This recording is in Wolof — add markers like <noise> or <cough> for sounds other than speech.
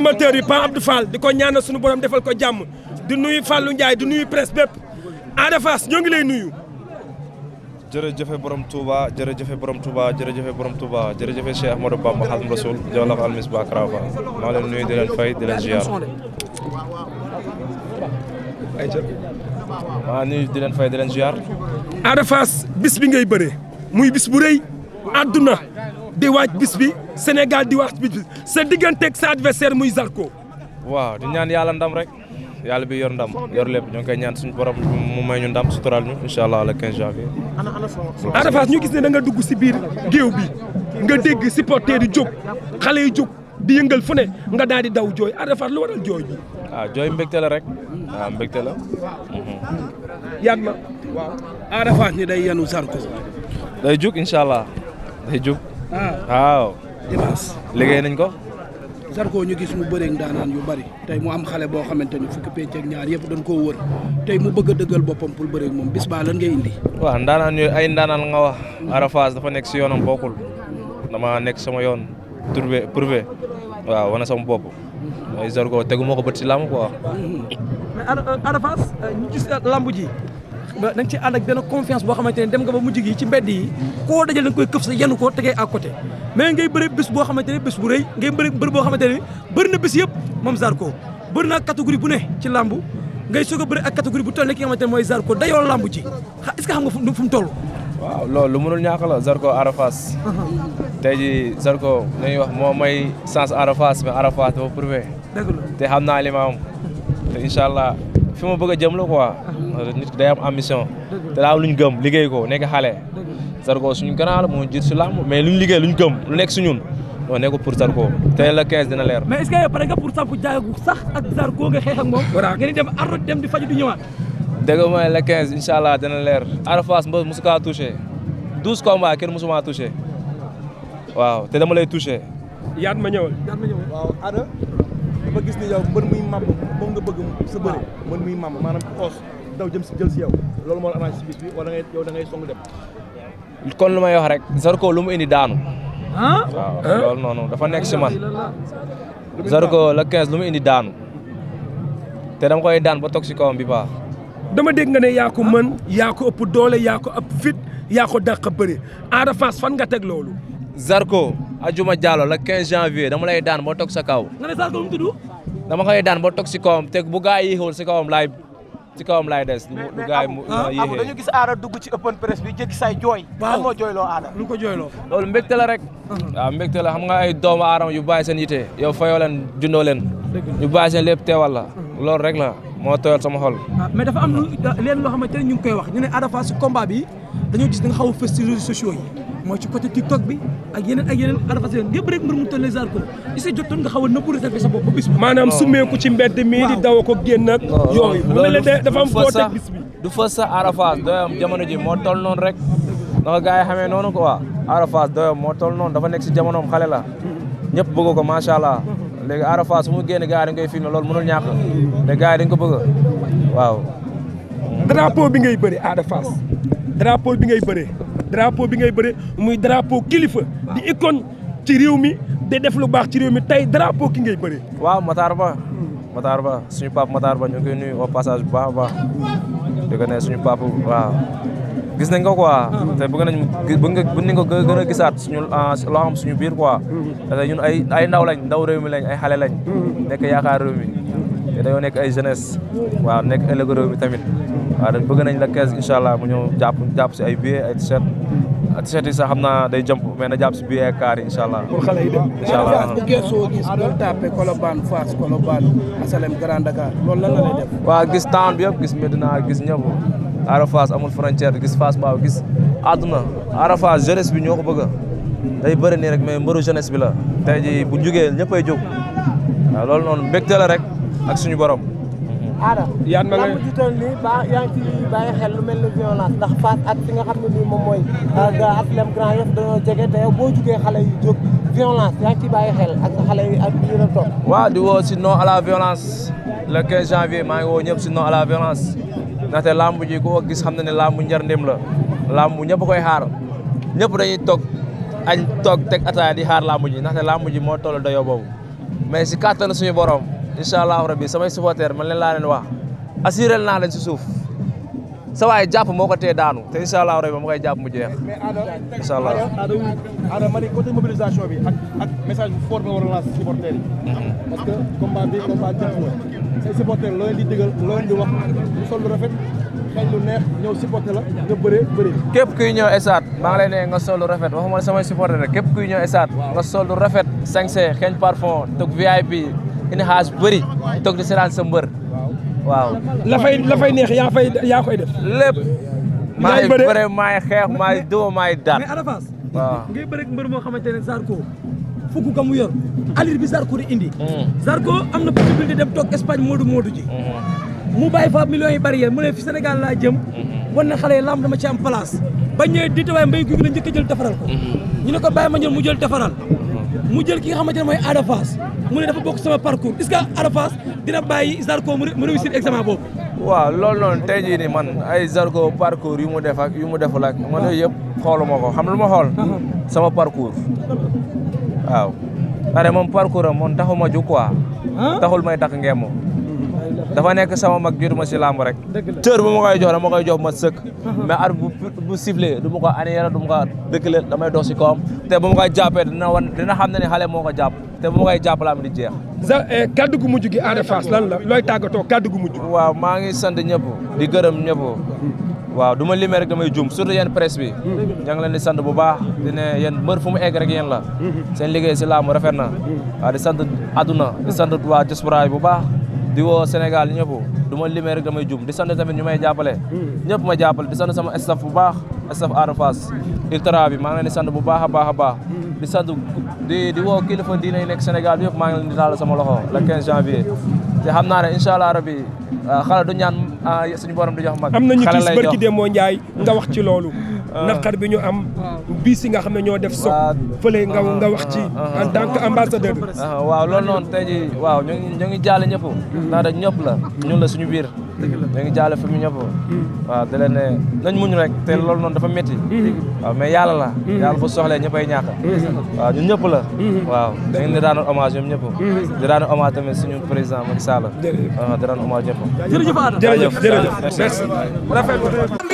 promoteurs yi Pa Abdou di ko ñaanal suñu borom defal ko jàmm di nuyu Fallou Ndiaye di nuyu presse bépp Ada ngi lay nuyu. jërëjëfe borom Touba jërëjëfe borom Touba jërëjëfe borom Touba jërëjëfe Cheikh Ahmadou Bamba Xaadimu Rasuul jawlax leen fay di leen ziar maa bis bi ngay bëre muy bis bu rëy àdduna di waaj bis bi Sénégal di waaj bis bi sa digganteeg sa adversaire muy Zarko. waaw di ñaan yàlla ndam rek yàlla bi yor ndam yor lépp ñoo ngi koy ñaan suñu borom mu may ñu ndam sutural ñu incha allah le 15 janvier. Ada Fass ñu gis ne da dugg si biir géew bi nga dégg si supporter yi jóg xale yi jóg di yëngal fu ne nga daal di daw jooy Ada Fass lu waral jooy bi. Ah, jooy mbégte rek waaw ah, mbégte la. Mhm. yaat ma waaw Ada Fass day yanu Zarko. incha allah day jug. Ah. waaw. dimanche liggéey nañ ko. Zarko ñu gis mu bëreeg daanaan yu bari tey mu am xale boo xamante ni fukki pecc ñaar yëpp dañ koo wër tey mu bëgg a dëggal boppam pour bëreeg moom bis ba lan ngay indi. waaw ndaanaan yooyu ay ndaanaan nga wax. Arafaas dafa nekk si yoonam bokkul. dama nekk sama yoon. trouvé prouvé. waaw wana sama bopp. mooy Zarko tegu ma ko bët si làmb quoi. Mm-hmm. mais Arafaas euh, ñu gis euh, làmb da nga ci ànd ak benn boo xamante ne dem nga ba mujj gi ci mbedd yi koo dajal da nga koy këf sa yenu koo tegee à côté mais ngay bëri bés boo xamante ne bés bu rëy ngay bëri bëri boo xamante ne bëri na bés yëpp moom Zarko bëri naa catégorie bu ne ci làmb ngay soog a bëri ak catégorie bu toll ki nga xamante ne mooy Zarko dayoo làmb ji est-ce que xam nga fu mu toll waaw loolu lu mënul ñàkk la Zarko Arafas uh-huh. te jii Zarko lañuy wax moo mooy sens Arafas mais Arafas te xam naa li ma am te incha fi ma bëgg a jëm lo ko nit day am ambition. te daa am lu ñu gëm liggéey ko nekk xale. Zarko suñu grand la moo jiit su làmb mais lu liggéey lu ñu gëm lu nekk si ñun moo nekk pour Zarko tey la 15 dina leer. mais est ce que yow pare nga pour sampu jaagu sax ak Zarko nga xeex ak nga ni dem arro dem di faju di ñëwaat. dégg nga le 15 incha allah dina leer Arafas mbaa mosu kaa touché 12 combats kenn mosuma touché waaw te dama lay touché. yaat ma ñëwal yaat ma ñëwal waaw ba gis ni yow mën muy màmm nga bëgg sa bëre mën muy daw jëm si jël si yow loolu moo la si bis bi wala ngay yow da ngay song dem kon lu may wax rek Zarko lu mu indi daanu waaw dafa nekk si man Zarko la 15 lu indi daanu te dama koy daan ba toog si kawam bi baax dama dégg nga ne yaa man yaako yaa ëpp doole yaa ko ëpp fit yaa ko dàq bëri fan nga teg loolu Zarko Ajuma jaalo la 15 janvier dama lay daan ba toog sa kaw. nga ne Sass Ngom koy daan ba toog si kawam te bu gaa yi yéexul si kawam laay si kawam laay des. bu gaa yi mu ah, yéexee dañu gis aada dugg ci open press bi jékki say jooy. waaw lan moo jooyloo aada. lu ko jooyloo. loolu la rek. Uh-huh. waaw mbégte la xam nga ay doom aadama yu bàyyi seen yite yow fayoo leen jundoo leen. ñu bàyyi seen lépp teewal la. Uh-huh. loolu rek la moo tooyal sama xol. Ah, mais dafa am lu leen loo xamante ne ñu ngi koy wax ñu ne Ada Fass si combat bi dañoo gis da nga xaw a fës ci réseaux mooy ci côté TikTok bi ak yeneen ak yeneen adversaire yëpp rek mbir mu toll nii Zarko est-ce que nga xaw a nëbbu réservé sa bopp ba bis bi. maanaam sumeeku ci mbedd mii di daw ko génn ak. mu mel ne dafa am foo bis bi. du fas sa Arafat doyam ji moo toll noonu rek ndax gars yi xamee noonu quoi Arafat doyam moo toll noon dafa nekk si jamonoom xale la ñëpp bëgg ko macha allah léegi Arafat su mu génn gars yi dañ koy filmé loolu mënul ñàkk te gars ko bëgg waaw. drapeau bi ngay bëri Ada bi ngay bëree drapo bi ngay bëre muy drapo kilifa di icône ci réew mi di def lu baax ci réew mi tey drapeau ki nga bëre waaw Matar Ba hmm. Matar Ba suñu pap Matar Ba ñu ngi koy nuyu au passage bu baax a baax suñu pap waaw gis nañ ko quoi hmm. te bëgg nañ bëgg nañ ko gën a gisaat suñu ah, loo xam suñu biir quoi hmm. parce que ñun ay ay ndaw lañ ndaw réew mi lañ ay xale lañ nekk yaakaar réew te dañoo nekk ay jeunesse waaw nekk ëllëg réew mi tamit waaw dañ bëgg nañ la 15 incha allah mu ñëw jàpp jàpp si ay billets ay t-shirt t-shirt yi sax xam naa day jëmp mais na jàpp si billets ak kaar yi incha allah. pour xale yi dem incha allah Fass bu geesoo gis loolu tapé Colobane Fass Colobane Asalem la lay def. waaw gis town bi yëpp gis Medina gis ñëpp Arafas amul frontière gis Fass Mbao gis àdduna Arafas bi ñoo ko bëgg day bëri nii rek mais mbëru jeunesse bi la tey ji bu jugee ñëppay jóg waaw loolu noonu mbégte la rek. ak suñu borom. Adam yaa ngi mel ni nii baax yaa ngi ciy bàyyi lu mel ni violence ndax face ak fi nga xam ne nii moom mooy euh, aslem xale yi jóg ak xale yi ak biir toog. waaw di woo si non à la violence le 15 janvier maa ñëpp si non à la violence ndaxte làmb ji gis xam na ne làmb njar ndem la làmb ñëpp koy xaar ñëpp dañuy toog añ toog teg ataaya di xaar làmb ji ndaxte moo toll dayoo boobu mais si kàttanu suñu borom. incha allahu rabi samay supporters man leen laa leen naa leen si suuf sa waay jàpp moo ko tee daanu te incha allahu rabi ma koy jàpp mu jeex. mobilisation bi ak ak message bu fort war a lancer yi. parce que combat bi combat jàpp la say loo leen di digal loo leen di wax lu sol lu rafet xel lu neex ñëw nga bëree bëri. esaat maa ngi lay ne nga sol lu rafet waxuma ne samay supporters rek képp kuy ñëw esaat nga sol lu rafet. 5C xeeñ parfum toog VIP. indi xaas bëri toog di seetaan sa mbër waaw. la la fay neex yaa fay yaa koy def. lépp. maa ngi bëre maa ngi xeex maa ngi dóor maa ngi daan. mais mbër moo xamante ne Zarko fukk ka mu yor alir bi Zarko di indi. Hmm. Zarko am na possibilité dem toog Espagne moodu moodu ji. Hmm. mu bàyyi fa millions yi barrière mu ne fi Sénégal laa jëm. Hmm. wan na xale yi lamb dama ci am bañ ñëwee di tawaay mbéy gi la njëkk a jël defaral ko. ñu ne ko bàyyi ma jël mu jël defaral. mu jël ki nga xamante ne mu ne dafa bokk sama parcours est-ce que Ada Fass dina bàyyi Zarko mu réussir examen boobu. waaw loolu noonu tey jii nii man ay Zarko parcours yu mu def ak yu mu deful ak man yooyu yëpp xooluma ko xam lu ma xool. Uh-huh. sama parcours. waaw. xare moom parcours am man taxuma ju quoi. taxul may takk ngeem dafa nekk sama mag ma si làmb rek cër bu ma koy jox koy jox ma sëkk mais ar bu bu sifflé du ma ko anéera du ma ko dëkkale damay dox si kawam te bu ma koy jàppee dina wan dina xam ne ne xale moo ko jàpp te bu ma koy jàpp làmb di jeex eh, kaddu gu mujj gi Ada Fass lan la looy tàggatoo kaddu gu mujj waaw maa ngi sant ñëpp di gërëm ñëpp waaw du ma limee rek damay jum surtout yéen presse bi ña ngi leen di sant bu baax di ne yéen mbër fu mu egg rek yéen la seen liggéey si laamu rafet na waaw di sant aduna di sant waa diaspora bu baax di woo Sénégal ñëpp du ma limee rek damay jum di sant tamit ñu may jàppale ñëpp ma jàppale di sant sama staff bu baax staff Ada Fass ultra bi maa ngi leen di bu baax a baax a baax di sant di di woo kilifa diine yi nekk Sénégal bi yëpp maa ngi leen di taal sama loxo le 15 janvier te xam naa ne incha allah rabi ah, xale du ñaan ah, suñu borom di jox mag am nañu tiis barki nga wax ci loolu <laughs> ah. naqar bi ñu am bis yi nga xam ñoo def soog fële nga nga wax ci en tant que ambassadeur bi waaw loolu noonu tey jii waaw ñu ngi ñu ngi jaale ñëpp ndax da ñëpp la ñun la suñu biir ñu ngi jaale fi mu ñëpp waaw da leen ne nañ muñ rek te loolu noonu dafa métti waaw mais yàlla la yàlla bu soxlee ñëppay ñàkk waaw ñun la waaw da ngeen di daanoon hommage ñoom ñëpp di daanoon hommage tamit suñu président Macky Sall di daanoon hommage ñëpp